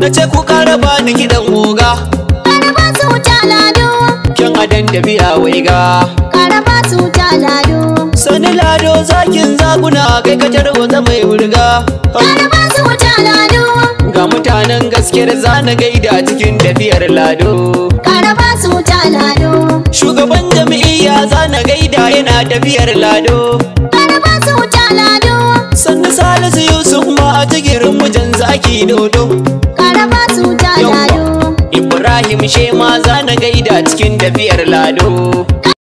na ce ku kara ba ni kiɗan oga kara ba su wuta lado kyan adan da biya wai ga kara ba su wuta lado sani lado zakin zaguna kai ka ta mai wurga kara ba su wuta lado ga mutanen gaskiyar zana gaida cikin tafiyar lado kara ba su wuta lado shugaban jami'iyya zana gaida yana tafiyar lado kara ba su wuta lado Sani salisu yusuf ma a jigirin wajen zaki dodo Ibrahim maza na gaida cikin tafiyar lado